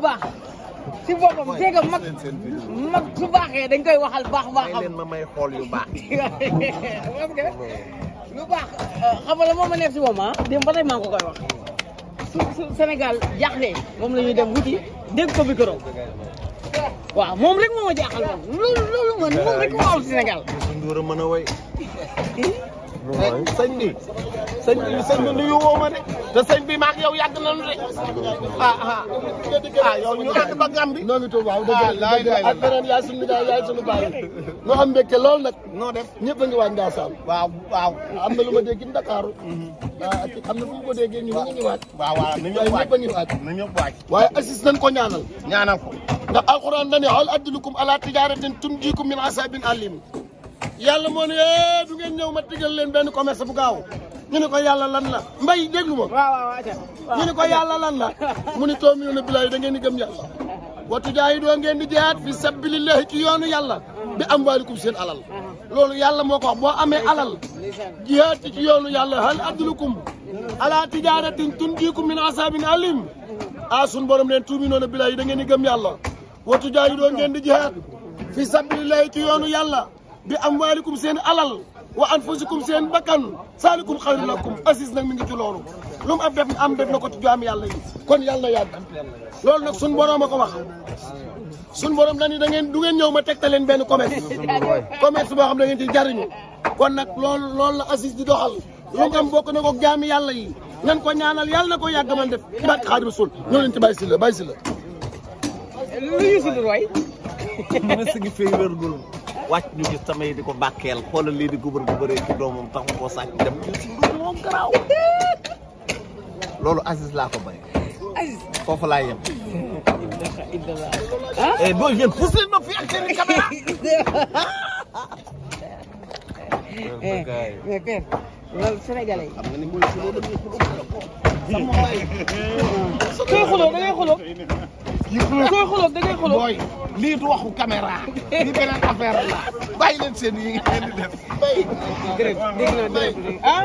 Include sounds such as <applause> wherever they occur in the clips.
baax si boppam jéega mag mag su baaxee dañ koy waxal baax baaxam. leen ma may xool yu baax. parce <laughs> que lu baax euh, xam nga moom a nekk si moom ah démb ba tey maa ngi ko koy wax su su Sénégal moom la ñuy dem wuti dégg ko micro waaw moom rek moo a jaaxal moom loolu loolu man moom rek moo am Sénégal. Ndour a mën a <laughs> te sëñ bi maak yow yàgg nañu de ah yow ñu ànd ba Gàmbi. noo ngi tudd waaw dëgg la ak beneen yaay sunu yaay yaay sunu baay ñu am mbégte lool nag. noo def ñëpp a ngi waaj waaw waaw am na lu ma dégg Ndakaaru. am na fu ko déggee ñu ngi waaj. waaw waaw na ñëpp waaj waaye ñëpp a ngi waaj. na ñëpp waaj nañ ko ñaanal. ñaanal ko ndax hal ala min ne du ngeen ma leen commerce bu gaaw ñu ne ko yàlla lan la mbay déglu ma. ñu ne ko yàlla lan la mu ni too mi ne da ngeen di gëm yàlla watu jaayi doo ngeen di jaat fi sabilillahi ci yoonu yàlla bi am waalikum seen alal loolu yàlla moo ko boo amee alal jihaat ci yoonu yàlla hal adlukum ala tijaaratin tunjiikum min asaabin alim a ah, sun borom leen tuumi noonu bilaay da ngeen di gëm yàlla watu jaayi doo ngeen di jihaat fi sabilillahi ci yoonu yàlla bi am waalikum seen alal wa anfusukum sen bakkan salikum xayru lakum Aziz nak mi ngi ci lolu lum mu am def am def na ci jami yalla yi kon yalla yàgg lolu nak sun borom mako wax sun borom dañuy da ngeen du ngeen ñew ma tegtal leen benn commerce commerce boo xam da ngeen ci jarriñu kon nak lolu lolu la Aziz di doxal lu ngam bok bokk na ko jaami yàlla yi nan ko ñaanal yalla nako yag man def ci barke Xaadimu Rasuul ñoo leen ci bayisi la bayisi la. lu ñu si roy. ma sëgg fii wér wàcc ñu gis samay di ko bàkkeel xoolal lii di gubar gubaree ci doomam taxu koo sàcc dem ñu si ndu moom garaaw loolu Aziz laa ko bay Aziz foofu laa yem eh boo yéen ma fi ak seen caméra mais père loolu sénégalais yi xam nga ni mooy xuloo da ngay lii du waxu caméra li beneen affaire la bàyyi leen seen yi ngeen di def. ah.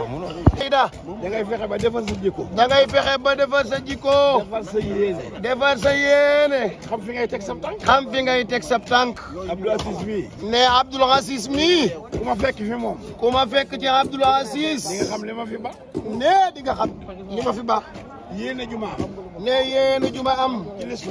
Seyda. da ngay fexe ba defar sa jikko. da ngay fexe ba defar sa jikko. defar sa yéene. defar sa yéene. xam fi ngay teg sa tànk. xam fi ngay teg sa tànk. Abdou Aziz mii. ne Abdou Aziz mii. ku ma fekk fi moom. ku ma fekk ci Abdou Aziz. di nga xam li ma fi baax. ne di nga xam li ma fi baax. yéene juma am. ne yéene juma am. ci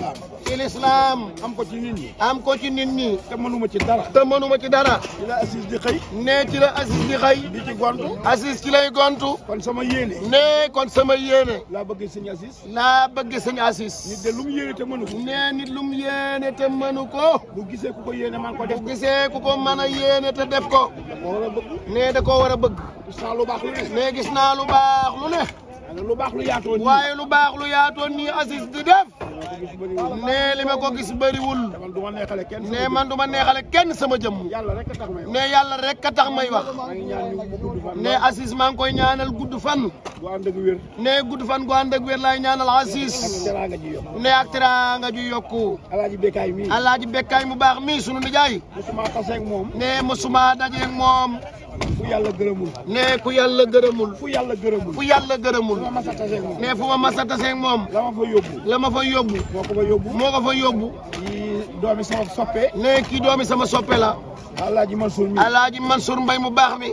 ci lislaam. am ko ci nit ñi. am ko ci nit ñi. te mënuma ci dara. te mënuma ci dara. ci la Aziz di xëy. ne ci la Aziz di xëy. di ci gontu. Aziz ci lay gontu. kon sama yéene. ne kon sama yéene. laa bëgg sëñ Aziz. laa bëgg sëñ Aziz. nit de lum yéene te mënu ko. ne nit lum gisee ku ko yéene man ko def. bu gisee ku ko mën a yéene te def ko. da koo war a bëgg. da koo war a bëgg. gis naa lu ne. lu baax lu yaatoon nii waaye lu baax lu yaatoon nii Aziz di def. nee li ma ko gis bëriwul. nee man du ma neexale kenn sama jëmm. nee yàlla rek ka tax may wax. nee Aziz maa ngi koy ñaanal gudd fan. ne gudd fan gu ànd ak wér laay ñaanal Aziz. nee ak teraanga ju yokku. alaaji bekkaay mu baax mi sunu nijaay. nee mosuma dajeeg moom. ku yàlla gërëmul. nee ku yàlla gërëmul. fu yàlla gërëmul. fu yàlla gërëmul. nee fu ma masa taseeg moom. la ma fa yóbbu. la ma fa yóbbu. moo ko fa yóbbu. moo ko fa yóbbu. kii doomi sama soppe. nee kii doomi sama soppe la. Alaaji Mansour mi Alaaji Mansour Mbay mu baax mi.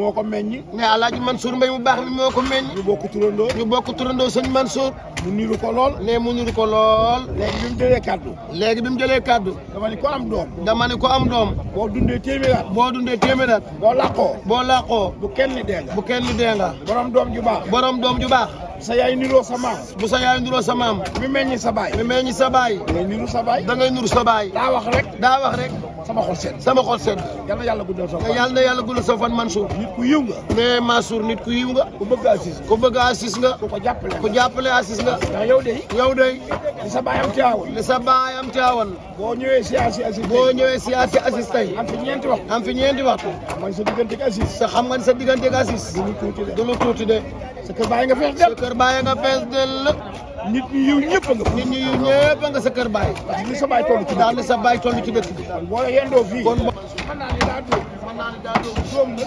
moo ko meññ mais alaaji Mansour Mbaye mu baax mi moo ko meññ ñu bokk turandoo ñu bokk turandoo sëñ Mansour mu niru ko lool ne mu niru ko lool léegi bi mu jëlee kaddu léegi bi mu jëlee kaddu dama ni ko am doom dama ni ko am doom boo dundee téeméer at boo dundee téeméer at boo làqoo boo làqoo bu kenn dee nga bu kenn dee nga borom doom ju baax borom doom ju baax sa yaay niroo sa maam. bu sa yaay niroo sa maam. mi meññi sa baay. mi meññi sa baay. da ngay sa baay. da ngay niru sa wax rek. daa wax rek. sama xol seen. sama xol seen. yal na yàlla guddal sa fan. yal na yàlla guddal sa fan Mansour. nit ku yiw nga. mais Mansour nit ku yiw nga. ku bëgg Aziz. nga. ku ko jàppale nga. jàppale Aziz nga. ndax yow de. yow de. li sa baayam teewoon. li sa boo ñëwee si Aziz Aziz. boo ñëwee si Aziz tey. am fi ñeenti wax. am fi ñeenti wax. mooy sa digganteeg Aziz. sa xam nga ni sa diggante Aziz. du lu tuuti de. sa kër baay nga fees del. nit ñi yiw ñëpp nga. nit ñi yiw ñëpp nga sa kër baay. parce que li sa baay toll ci daal li sa baay toll ci dëkk bi. boo yendoo fii. kon mën naa ne daa dóor. mën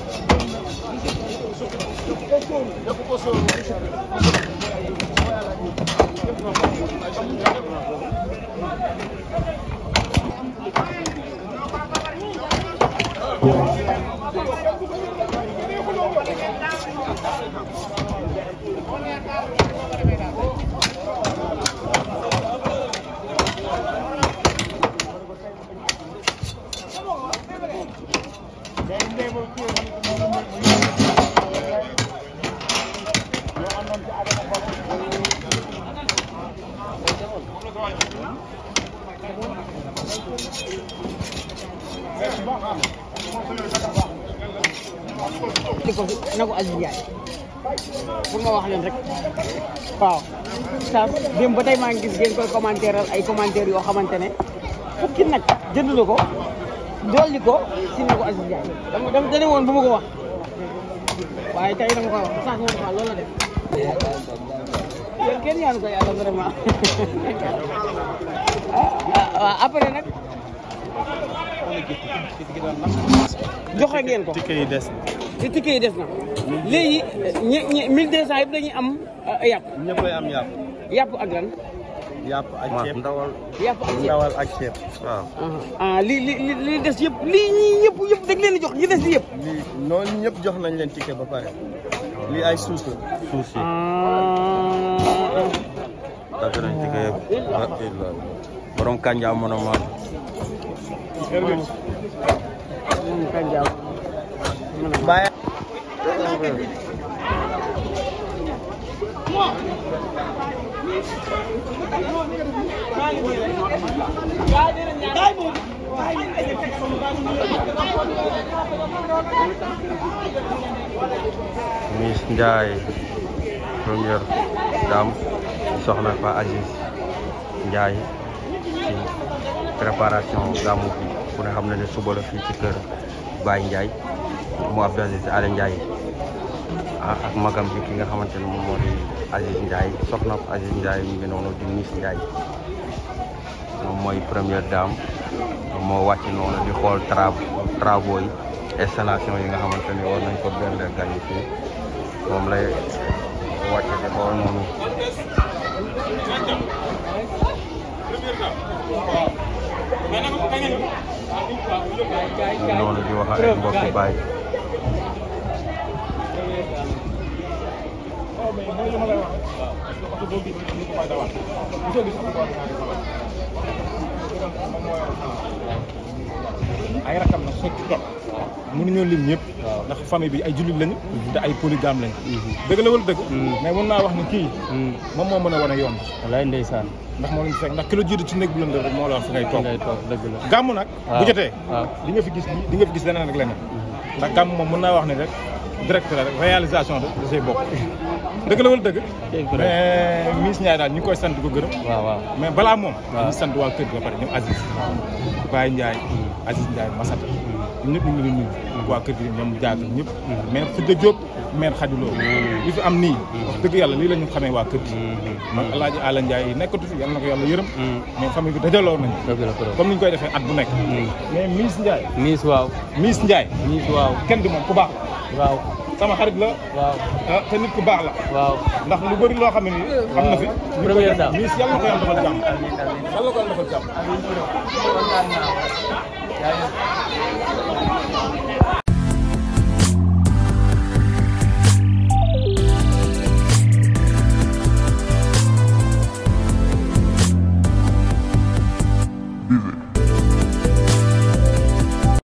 di ko na ko Aziz Ndiaye pour nga wax leen rek waaw saa démb ba tey maa ngi gis ngeen koy commentaire al ay commentaire yoo xamante ne fukki nag jënd na ko dolli ko si na ko Aziz Ndiaye dama dama dane woon bu ma ko wax waaye tey dama ko wax sax moom fa loolu la def yéen kenn ñaan ko yàlla vraiment <laughs> ah, ah waaw après nag joxe ngeen ko ticket yi des na. ticket yi des na léegi ñi ñi 1200 yëpp dañuy am euh, yàpp. ñëpp lay am yàpp. yàpp ak lan. yàpp ak ceeb ndawal. yàpp ak ceeb ndawal ak ceeb ah, ah, li li li des yëpp lii ñii ñi des ñëpp jox nañ leen ticket ba pare lii ay suus la. suus yi. dagg ah. nañ Bye. Miss Ndiaye première dame soxna Fa Aziz Ndiaye préparation gàmmu bi ku ne xam na ne suba la fii ci kër Baye Ndiaye mu Abdou Aziz Alé Ndiaye ah, ak magam bi ki nga xamante ne moom moo di Aziz Ndiaye soxna Aziz Ndiaye mu ngi noonu di Miss Ndiaye moom mooy première dame moo wàcc noonu di xool travaux yi installation yi nga xamante ne war nañ ko berndeel gan moom lay wàcc di xool noonu noonu di wax ak mbokku Baye. ay rakam na socc topp mënuñoo lim ñëpp. ndax famille bi ay jullit lañu te ay polygame lañu dëgg la wala dëgg mais mën naa wax ni kii moom moo mën a wane yoon wallaay ndeysaan ndax moo lañ fekk la jiitu ci néeg bu lëndëm rek moo la wax fi ngay toog dëgg la gàmm nag bu jotee di nga fi gis di nga fi gis leneen ak leneen ndax gàmm moom mën naa wax ni rek direct la rek de da say bokk dëgg la wala dëgg mais daal ñu ngi koy sant ko gërëm waaw waaw mais balaa moom dañu sant waa kër gi ba pare ñoom Aziz Baye Ndiaye Aziz Ndiaye Massata ñëpp ñu ngi leen nuyu waa kër gi ñoom jaagal ñëpp maire Fodé Diop maire Khadilo li fi am nii wax dëgg yàlla lii la ñu xamee waa kër gi man El Hadj yi nekkatu fi yàlla na ko yàlla yërëm mais famille bi dajaloo nañu comme ni ñu koy defee at bu nekk mais Miss Ndiaye Miss waaw Miss Ndiaye Miss waaw kenn du moom ku baax waaw sama xarit la waaw ah, te nit ku baax la waaw ndax lu bari loo xam ne nii am na fi première dame Miss yàlla na ko yàlla defal jàmm yàlla na ko jàmm